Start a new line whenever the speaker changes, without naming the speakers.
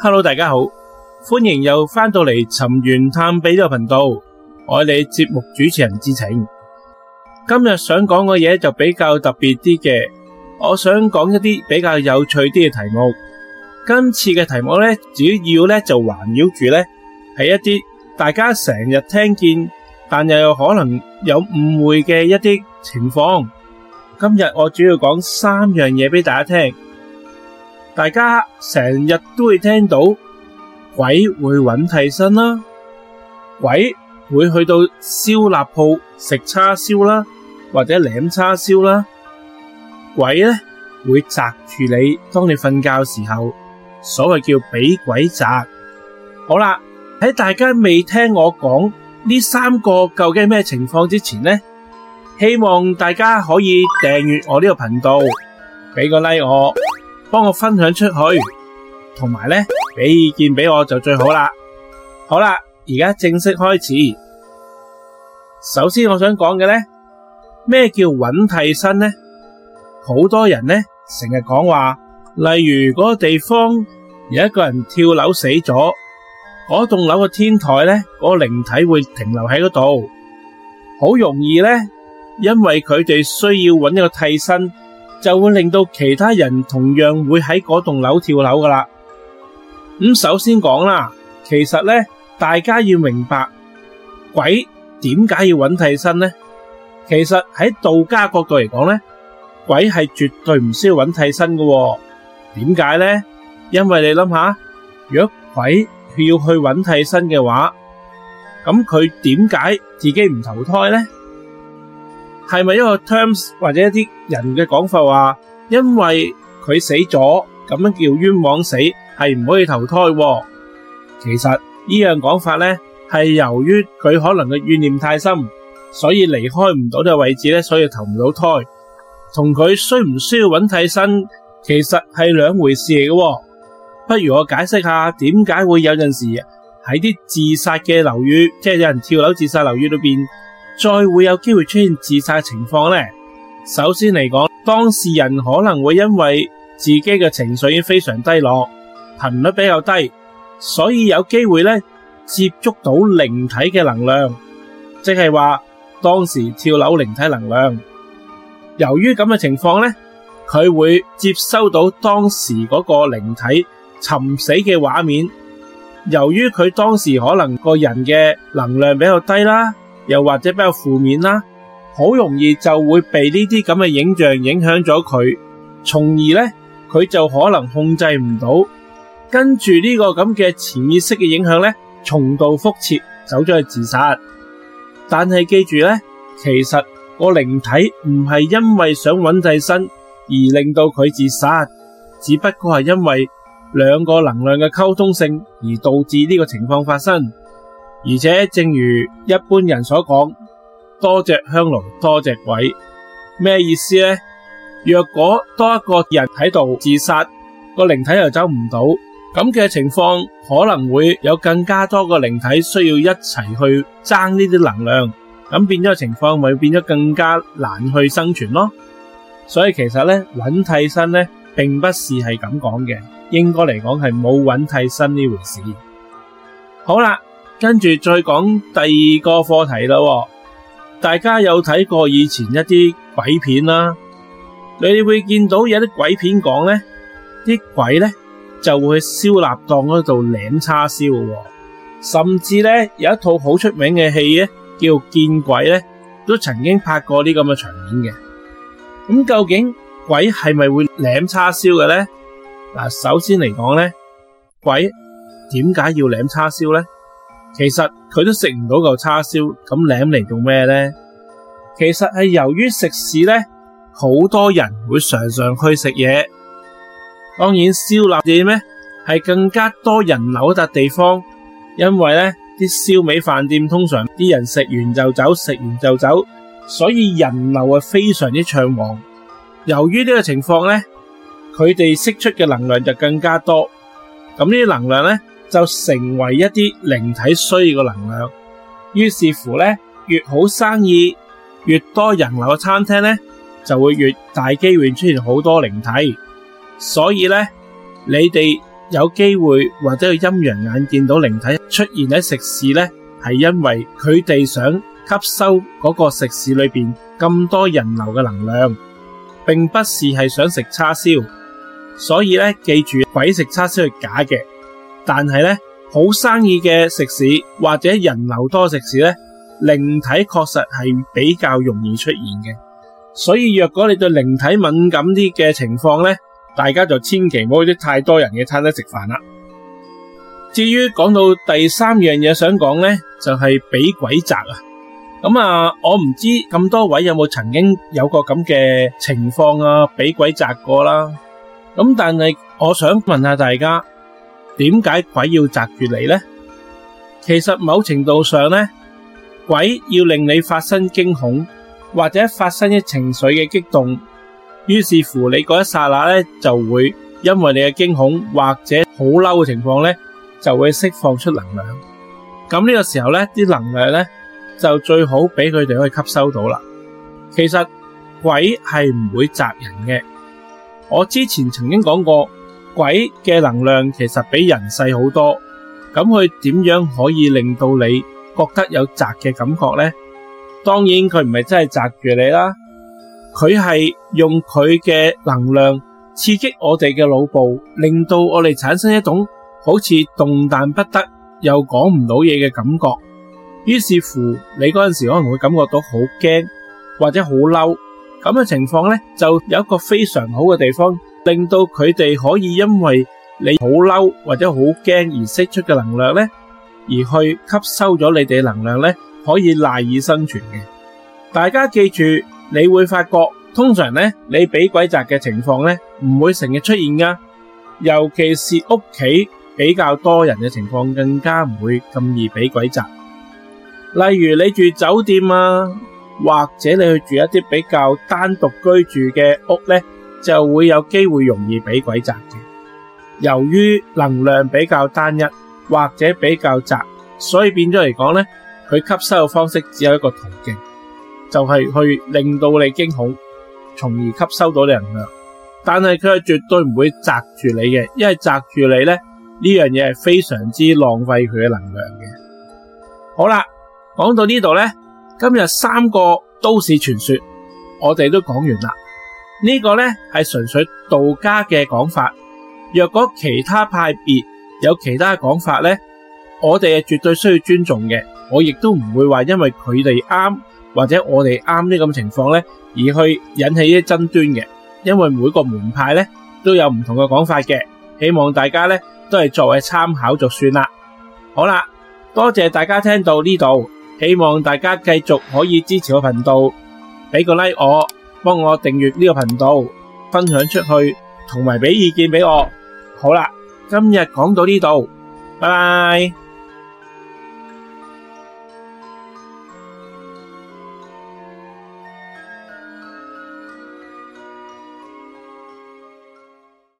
Hello，大家好，歡迎又返到嚟尋源探秘呢個頻道，我係你節目主持人智澄。今日想講嘅嘢就比較特別啲嘅，我想講一啲比較有趣啲嘅題目。今次嘅題目咧，主要咧就環繞住咧係一啲大家成日聽見，但又有可能有誤會嘅一啲情況。今日我主要講三樣嘢俾大家聽。大家成日都會聽到鬼會揾替身啦，鬼會去到燒臘鋪食叉燒啦，或者舔叉燒啦，鬼咧會扎住你，當你瞓覺時候，所謂叫俾鬼扎。好啦，喺大家未聽我講呢三個究竟咩情況之前咧，希望大家可以訂閱我呢個頻道，畀個 like 我。幫我分享出去，同埋咧俾意見俾我就最好啦。好啦，而家正式開始。首先我想講嘅咧，咩叫揾替身咧？好多人咧成日講話，例如嗰個地方有一個人跳樓死咗，嗰棟樓嘅天台咧，嗰個靈體會停留喺嗰度，好容易咧，因為佢哋需要揾一個替身。就會令到其他人同樣會喺嗰棟樓跳樓噶啦。咁、嗯、首先講啦，其實咧，大家要明白鬼點解要揾替身咧。其實喺道家角度嚟講咧，鬼係絕對唔需要揾替身噶、哦。點解咧？因爲你諗下，如果鬼要去揾替身嘅話，咁佢點解自己唔投胎咧？係咪一個 terms 或者一啲人嘅講法話？因為佢死咗，咁樣叫冤枉死，係唔可以投胎。其實呢樣講法咧，係由於佢可能嘅怨念太深，所以離開唔到嘅位置咧，所以投唔到胎。同佢需唔需要搵替身，其實係兩回事嚟嘅。不如我解釋下點解會有陣時喺啲自殺嘅樓宇，即係有人跳樓自殺，樓宇裏邊。再會有機會出現自殺情況呢。首先嚟講，當事人可能會因為自己嘅情緒已經非常低落，頻率比較低，所以有機會呢接觸到靈體嘅能量，即係話當時跳樓靈體能量。由於咁嘅情況呢，佢會接收到當時嗰個靈體尋死嘅畫面。由於佢當時可能個人嘅能量比較低啦。又或者比較負面啦，好容易就會被呢啲咁嘅影像影響咗佢，從而咧佢就可能控制唔到，跟住呢個咁嘅潛意識嘅影響咧，重蹈覆轍走咗去自殺。但係記住咧，其實個靈體唔係因為想搵替身而令到佢自殺，只不過係因為兩個能量嘅溝通性而導致呢個情況發生。而且正如一般人所講，多隻香爐多隻鬼，咩意思咧？若果多一個人喺度自殺，個靈體又走唔到，咁嘅情況可能會有更加多個靈體需要一齊去爭呢啲能量，咁變咗嘅情況咪變咗更加難去生存咯。所以其實咧，揾替身咧，並不是係咁講嘅，應該嚟講係冇揾替身呢回事。好啦。跟住再講第二個課題啦、哦。大家有睇過以前一啲鬼片啦、啊，你會見到有啲鬼片講咧，啲鬼咧就會去燒臘檔嗰度舐叉燒嘅、哦，甚至咧有一套好出名嘅戲咧，叫見鬼咧，都曾經拍過啲咁嘅場面嘅。咁、嗯、究竟鬼係咪會舐叉燒嘅咧？嗱，首先嚟講咧，鬼點解要舐叉燒咧？其實佢都食唔到嚿叉燒，咁舐嚟做咩呢？其實係由於食肆呢，好多人會常常去食嘢。當然，燒臘店呢係更加多人流一笪地方，因為呢啲燒味飯店通常啲人食完就走，食完就走，所以人流啊非常之暢旺。由於呢個情況呢，佢哋釋出嘅能量就更加多。咁呢啲能量呢，就成為一啲靈體需要嘅能量，於是乎呢，越好生意、越多人流嘅餐廳呢，就會越大機會出現好多靈體。所以呢，你哋有機會或者有陰陽眼見到靈體出現喺食肆呢，係因為佢哋想吸收嗰個食肆裏邊咁多人流嘅能量，並不是係想食叉燒。所以呢，記住鬼食叉燒係假嘅。但係咧，好生意嘅食肆或者人流多食肆咧，靈體確實係比較容易出現嘅。所以若果你對靈體敏感啲嘅情況咧，大家就千祈唔好去啲太多人嘅餐廳食飯啦。至於講到第三樣嘢想講咧，就係俾鬼壓啊！咁啊，我唔知咁多位有冇曾經有過咁嘅情況啊，俾鬼壓過啦。咁但係我想問下大家。點解鬼要擇住你呢？其實某程度上呢，鬼要令你發生驚恐，或者發生一情緒嘅激動，於是乎你嗰一剎那呢，就會因為你嘅驚恐或者好嬲嘅情況呢，就會釋放出能量。咁呢個時候呢，啲能量呢，就最好俾佢哋可以吸收到啦。其實鬼係唔會擇人嘅。我之前曾經講過。鬼嘅能量其實比人細好多，咁佢點樣可以令到你覺得有窒嘅感覺呢？當然佢唔係真係窒住你啦，佢係用佢嘅能量刺激我哋嘅腦部，令到我哋產生一種好似動彈不得又講唔到嘢嘅感覺。於是乎，你嗰陣時可能會感覺到好驚或者好嬲咁嘅情況呢，就有一個非常好嘅地方。令到佢哋可以因為你好嬲，或者好驚而釋出嘅能量呢，而去吸收咗你哋能量呢，可以賴以生存嘅。大家記住，你會發覺通常呢，你俾鬼壓嘅情況呢，唔會成日出現噶。尤其是屋企比較多人嘅情況，更加唔會咁易俾鬼壓。例如你住酒店啊，或者你去住一啲比較單獨居住嘅屋呢。就會有機會容易俾鬼壓嘅，由於能量比較單一或者比較窄，所以變咗嚟講呢，佢吸收嘅方式只有一個途徑，就係去令到你驚恐，從而吸收到你能量。但係佢係絕對唔會壓住你嘅，因為壓住你呢，呢樣嘢係非常之浪費佢嘅能量嘅。好啦，講到呢度呢，今日三個都市傳說我哋都講完啦。呢個呢係純粹道家嘅講法，若果其他派別有其他講法呢，我哋係絕對需要尊重嘅。我亦都唔會話因為佢哋啱或者我哋啱呢個情況呢而去引起一些爭端嘅。因為每個門派呢都有唔同嘅講法嘅，希望大家呢都係作為參考就算啦。好啦，多謝大家聽到呢度，希望大家繼續可以支持我頻道，俾個 like 我。幫我訂閱呢個頻道，分享出去，同埋俾意見俾我。好啦，今日講到呢度，拜拜。